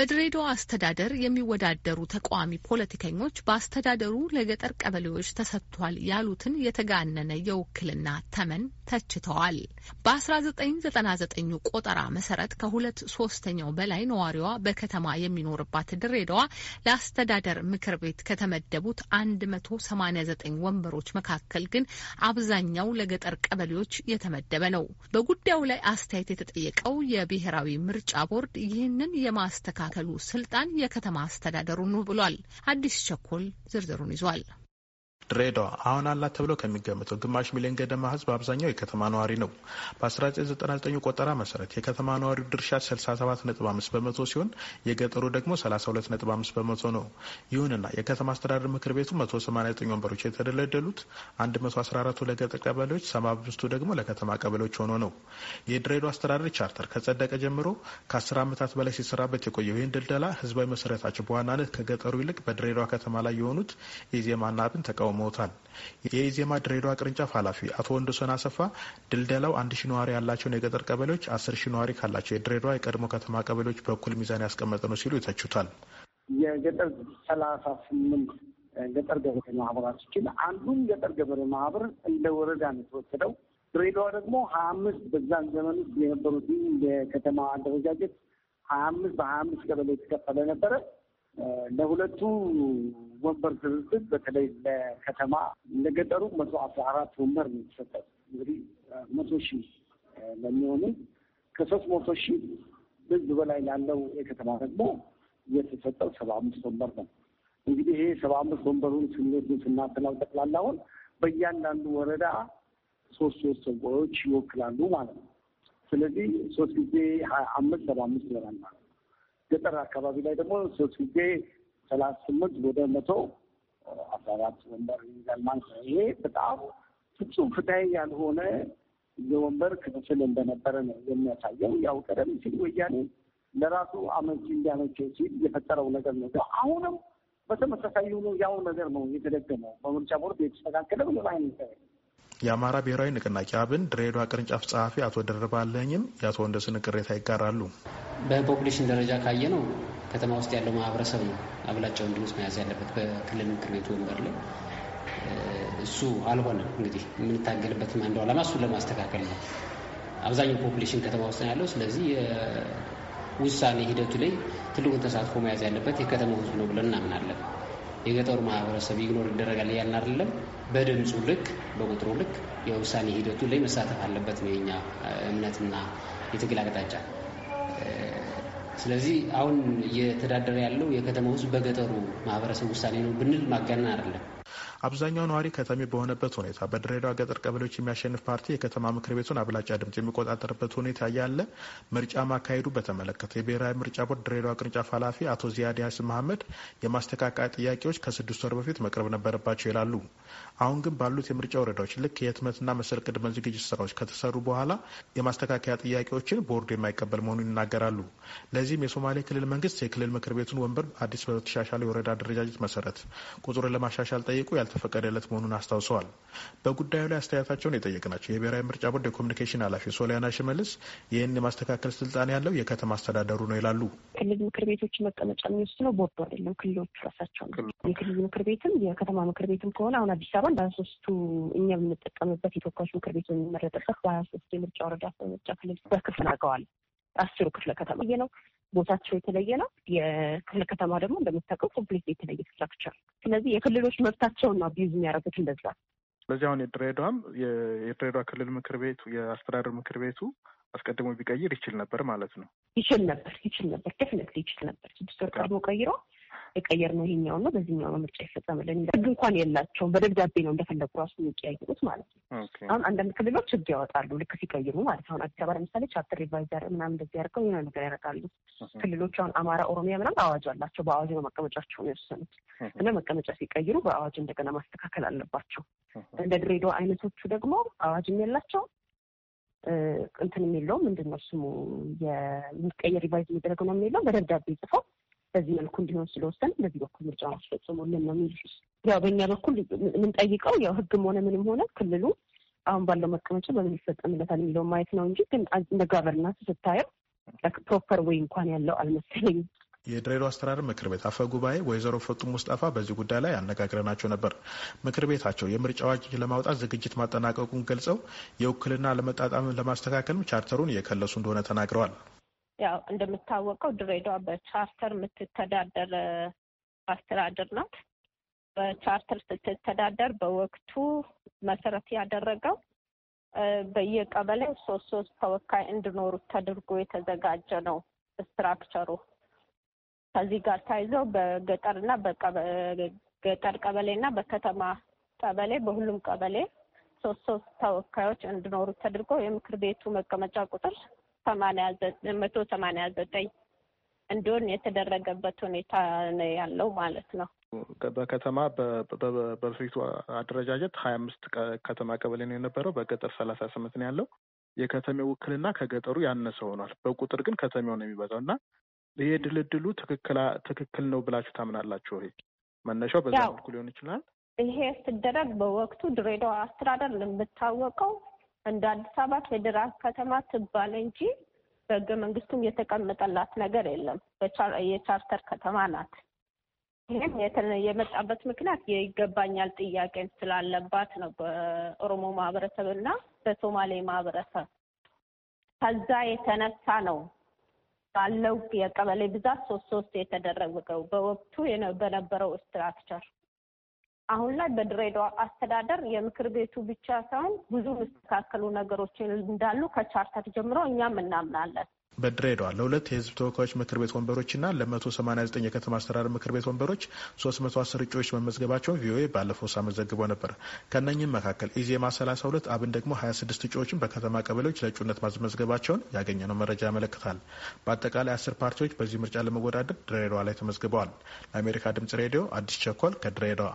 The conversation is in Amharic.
በድሬዳዋ አስተዳደር የሚወዳደሩ ተቃዋሚ ፖለቲከኞች በአስተዳደሩ ለገጠር ቀበሌዎች ተሰጥቷል ያሉትን የተጋነነ የውክልና ተመን ተችተዋል። በ1999 ቆጠራ መሰረት ከሁለት ሶስተኛው በላይ ነዋሪዋ በከተማ የሚኖርባት ድሬዳዋ ለአስተዳደር ምክር ቤት ከተመደቡት 189 ወንበሮች መካከል ግን አብዛኛው ለገጠር ቀበሌዎች የተመደበ ነው። በጉዳዩ ላይ አስተያየት የተጠየቀው የብሔራዊ ምርጫ ቦርድ ይህንን የማስተካ የማዕከሉ ስልጣን የከተማ አስተዳደሩ ነው ብሏል። አዲስ ቸኮል ዝርዝሩን ይዟል። ድሬዳዋ አሁን አላት ተብሎ ከሚገምተው ግማሽ ሚሊዮን ገደማ ህዝብ አብዛኛው የከተማ ነዋሪ ነው። በ1999 ቆጠራ መሰረት የከተማ ነዋሪው ድርሻ 67.5 በመቶ ሲሆን የገጠሩ ደግሞ 32.5 በመቶ ነው። ይሁንና የከተማ አስተዳደር ምክር ቤቱ 189 ወንበሮች የተደለደሉት 114ቱ ለገጠር ቀበሌዎች፣ 75ቱ ደግሞ ለከተማ ቀበሌዎች ሆኖ ነው። የድሬዳዋ አስተዳደር ቻርተር ከጸደቀ ጀምሮ ከ10 ዓመታት በላይ ሲሰራበት የቆየው ይህን ድልደላ ህዝባዊ መሰረታቸው በዋናነት ከገጠሩ ይልቅ በድሬዳዋ ከተማ ላይ የሆኑት ኢዜማና አብን ተቃውሞ ተቃውመውታል። የኢዜማ ድሬዳዋ ቅርንጫፍ ኃላፊ አቶ ወንድሶን አሰፋ ድልደላው አንድ ሺ ነዋሪ ያላቸውን የገጠር ቀበሌዎች አስር ሺ ነዋሪ ካላቸው የድሬዳዋ የቀድሞ ከተማ ቀበሌዎች በኩል ሚዛን ያስቀመጠ ነው ሲሉ ይተቹታል። የገጠር ሰላሳ ስምንት ገጠር ገበሬ ማህበራችን አንዱን ገጠር ገበሬ ማህበር እንደ ወረዳ ነው የተወሰደው። ድሬዳዋ ደግሞ ሀያ አምስት በዛን ዘመን ውስጥ የነበሩትን የከተማ አደረጃጀት ሀያ አምስት በሀያ አምስት ቀበሌ የተከፈለ ነበረ። ለሁለቱ ወንበር ስብስብ በተለይ ለከተማ ለገጠሩ መቶ አስራ አራት ወንበር ነው የተሰጠው። እንግዲህ መቶ ሺህ ለሚሆኑ ከሶስት መቶ ሺህ ህዝብ በላይ ላለው የከተማ ደግሞ የተሰጠው ሰባ አምስት ወንበር ነው። እንግዲህ ይሄ ሰባ አምስት ወንበሩን ስንወዱ ስናስላው ጠቅላላውን በእያንዳንዱ ወረዳ ሶስት ሶስት ሰዎች ይወክላሉ ማለት ነው። ስለዚህ ሶስት ጊዜ ሀያ አምስት ሰባ አምስት ይሆናል ማለት ነው። ገጠር አካባቢ ላይ ደግሞ ሶስት ጊዜ ሰላሳ ስምንት ወደ መቶ አስራ አራት ወንበር ይይዛል ማለት ነው። ይሄ በጣም ፍጹም ፍትሐዊ ያልሆነ የወንበር ክፍፍል እንደነበረ ነው የሚያሳየው። ያው ቀደም ሲል ወያኔ ለራሱ አመቺ እንዲያመቸው ሲል የፈጠረው ነገር ነው። አሁንም በተመሳሳይ ሆኖ ያው ነገር ነው የተደገመው። በምርጫ ቦርድ የተስተካከለ ምንም አይነት የአማራ ብሔራዊ ንቅናቄ አብን ድሬዳዋ ቅርንጫፍ ጸሐፊ አቶ ደርባለኝም የአቶ ወንደስን ቅሬታ ይጋራሉ። በፖፑሌሽን ደረጃ ካየ ነው ከተማ ውስጥ ያለው ማህበረሰብ ነው አብላጫውን ድምፅ መያዝ ያለበት በክልል ምክር ቤቱ ወንበር ላይ። እሱ አልሆነም። እንግዲህ የምንታገልበትም አንዱ ዓላማ እሱን ለማስተካከል ነው። አብዛኛው ፖፑሌሽን ከተማ ውስጥ ነው ያለው። ስለዚህ ውሳኔ ሂደቱ ላይ ትልቁን ተሳትፎ መያዝ ያለበት የከተማው ህዝብ ነው ብለን እናምናለን። የገጠሩ ማህበረሰብ ይግኖር ይደረጋል እያልን አይደለም። በድምፁ ልክ በቁጥሩ ልክ የውሳኔ ሂደቱ ላይ መሳተፍ አለበት ነው የኛ እምነትና የትግል አቅጣጫ። ስለዚህ አሁን እየተዳደረ ያለው የከተማው ህዝብ በገጠሩ ማህበረሰብ ውሳኔ ነው ብንል ማጋነን አይደለም። አብዛኛው ነዋሪ ከተሜ በሆነበት ሁኔታ በድሬዳዋ ገጠር ቀበሌዎች የሚያሸንፍ ፓርቲ የከተማ ምክር ቤቱን አብላጫ ድምጽ የሚቆጣጠርበት ሁኔታ ያለ ምርጫ ማካሄዱ በተመለከተ የብሔራዊ ምርጫ ቦርድ ድሬዳዋ ቅርንጫፍ ኃላፊ አቶ ዚያድ ያስ መሀመድ የማስተካከያ ጥያቄዎች ከስድስት ወር በፊት መቅረብ ነበረባቸው ይላሉ። አሁን ግን ባሉት የምርጫ ወረዳዎች ልክ የህትመትና መሰል ቅድመ ዝግጅት ስራዎች ከተሰሩ በኋላ የማስተካከያ ጥያቄዎችን ቦርዱ የማይቀበል መሆኑን ይናገራሉ። ለዚህም የሶማሌ ክልል መንግስት የክልል ምክር ቤቱን ወንበር አዲስ በተሻሻለ የወረዳ አደረጃጀት መሰረት ቁጥሩን ለማሻሻል ጠይቁ ያልተፈቀደለት መሆኑን አስታውሰዋል። በጉዳዩ ላይ አስተያየታቸውን የጠየቅናቸው የብሔራዊ ምርጫ ቦርድ የኮሚኒኬሽን ኃላፊ ሶሊያና ሽመልስ ይህን የማስተካከል ስልጣን ያለው የከተማ አስተዳደሩ ነው ይላሉ። ክልል ምክር ቤቶች መቀመጫ የሚወስነው ቦርዱ አይደለም፣ ክልሎቹ ራሳቸው ነው። የክልል ምክር ቤትም የከተማ ምክር ቤትም ከሆነ አሁን አዲስ አበባ በሀያ እኛ የምንጠቀምበት የተወካዮች ምክር ቤት የሚመረጥበት በሀያ ሶስቱ የምርጫ ወረዳ ምርጫ ክልል በክፍል አድርገዋል። አስሩ ክፍለ ከተማ ነው ቦታቸው የተለየ ነው። የክፍለ ከተማ ደግሞ እንደምታውቀው ኮምፕሊት የተለየ ስትራክቸር። ስለዚህ የክልሎች መብታቸውን ነው አቢዩዝ የሚያደርጉት እንደዛ። ስለዚህ አሁን የድሬዳዋም የድሬዳዋ ክልል ምክር ቤቱ የአስተዳደር ምክር ቤቱ አስቀድሞ ቢቀይር ይችል ነበር ማለት ነው። ይችል ነበር ይችል ነበር ደፍነት ይችል ነበር። ስድስት ወር ቀድሞ ቀይሮ የቀየር ነው ይሄኛው ነው፣ በዚህኛው ነው ምርጫ ይፈጸምልን። ህግ እንኳን የላቸውም። በደብዳቤ ነው እንደፈለጉ ራሱ የሚቀያየሩት ማለት ነው። አሁን አንዳንድ ክልሎች ህግ ያወጣሉ ልክ ሲቀይሩ ማለት አሁን አዲስ አበባ ለምሳሌ ቻፕተር ሪቫይዘር ምናምን እንደዚህ ያደርገው የሆነ ነገር ያደርጋሉ። ክልሎች አሁን አማራ፣ ኦሮሚያ ምናምን አዋጅ አላቸው። በአዋጅ ነው መቀመጫቸው ነው የወሰኑት እና መቀመጫ ሲቀይሩ በአዋጅ እንደገና ማስተካከል አለባቸው። እንደ ድሬዳዋ አይነቶቹ ደግሞ አዋጅም የላቸው እንትን የሚለው ምንድን ነው ስሙ የሚቀየር ሪቫይዝ የሚደረገው ነው የሚለው በደብዳቤ ጽፈው በዚህ መልኩ እንዲሆን ስለወሰን በዚህ በኩል ምርጫ ማስፈጽሙልን ነው የሚሉ ያው በእኛ በኩል የምንጠይቀው ያው ህግም ሆነ ምንም ሆነ ክልሉ አሁን ባለው መቀመጫ በምን ይፈጸምለታል የሚለው ማየት ነው እንጂ ግን እንደ ጋቨርናንስ ስታየው ፕሮፐር ወይ እንኳን ያለው አልመሰለኝም። የድሬዳዋ አስተዳደር ምክር ቤት አፈ ጉባኤ ወይዘሮ ፈጡ ሙስጣፋ በዚህ ጉዳይ ላይ አነጋግረናቸው ነበር። ምክር ቤታቸው የምርጫ አዋጅ ለማውጣት ዝግጅት ማጠናቀቁን ገልጸው የውክልና ለመጣጣም ለማስተካከልም ቻርተሩን የከለሱ እንደሆነ ተናግረዋል። ያው እንደምታወቀው ድሬዳዋ በቻርተር የምትተዳደር አስተዳደር ናት። በቻርተር ስትተዳደር በወቅቱ መሰረት ያደረገው በየቀበሌው ሶስት ሶስት ተወካይ እንዲኖሩ ተደርጎ የተዘጋጀ ነው ስትራክቸሩ። ከዚህ ጋር ታይዘው በገጠርና በገጠር ቀበሌና በከተማ ቀበሌ በሁሉም ቀበሌ ሶስት ሶስት ተወካዮች እንዲኖሩ ተደርጎ የምክር ቤቱ መቀመጫ ቁጥር መቶ ሰማንያ ዘጠኝ እንዲሆን የተደረገበት ሁኔታ ነው ያለው ማለት ነው። በከተማ በፊቱ አደረጃጀት ሀያ አምስት ከተማ ቀበሌ ነው የነበረው። በገጠር ሰላሳ ስምንት ነው ያለው። የከተሜው ውክልና ከገጠሩ ያነሰ ሆኗል። በቁጥር ግን ከተሜው ነው የሚበዛው እና ይሄ ድልድሉ ትክክል ነው ብላችሁ ታምናላችሁ? ይሄ መነሻው በዛ መልኩ ሊሆን ይችላል። ይሄ ሲደረግ በወቅቱ ድሬዳዋ አስተዳደር የምታወቀው እንደ አዲስ አበባ ፌዴራል ከተማ ትባል እንጂ በህገ መንግስቱም የተቀመጠላት ነገር የለም። የቻርተር ከተማ ናት። ይህም የመጣበት ምክንያት የይገባኛል ጥያቄን ስላለባት ነው። በኦሮሞ ማህበረሰብ እና በሶማሌ ማህበረሰብ ከዛ የተነሳ ነው ባለው የቀበሌ ብዛት ሶስት ሶስት የተደረገው በወቅቱ በነበረው ስትራክቸር አሁን ላይ በድሬዳዋ አስተዳደር የምክር ቤቱ ብቻ ሳይሆን ብዙ የሚስተካከሉ ነገሮች እንዳሉ ከቻርተር ጀምሮ እኛም እናምናለን። በድሬዳዋ ለሁለት የህዝብ ተወካዮች ምክር ቤት ወንበሮችና ለ189 የከተማ አስተዳደር ምክር ቤት ወንበሮች 310 እጩዎች መመዝገባቸውን ቪኦኤ ባለፈው ሳምንት ዘግቦ ነበር። ከእነኝም መካከል ኢዜማ 32 አብን ደግሞ 26 እጩዎችን በከተማ ቀበሌዎች ለእጩነት ማስመዝገባቸውን ያገኘነው መረጃ ያመለክታል። በአጠቃላይ አስር ፓርቲዎች በዚህ ምርጫ ለመወዳደር ድሬዳዋ ላይ ተመዝግበዋል። ለአሜሪካ ድምጽ ሬዲዮ አዲስ ቸኮል ከድሬዳዋ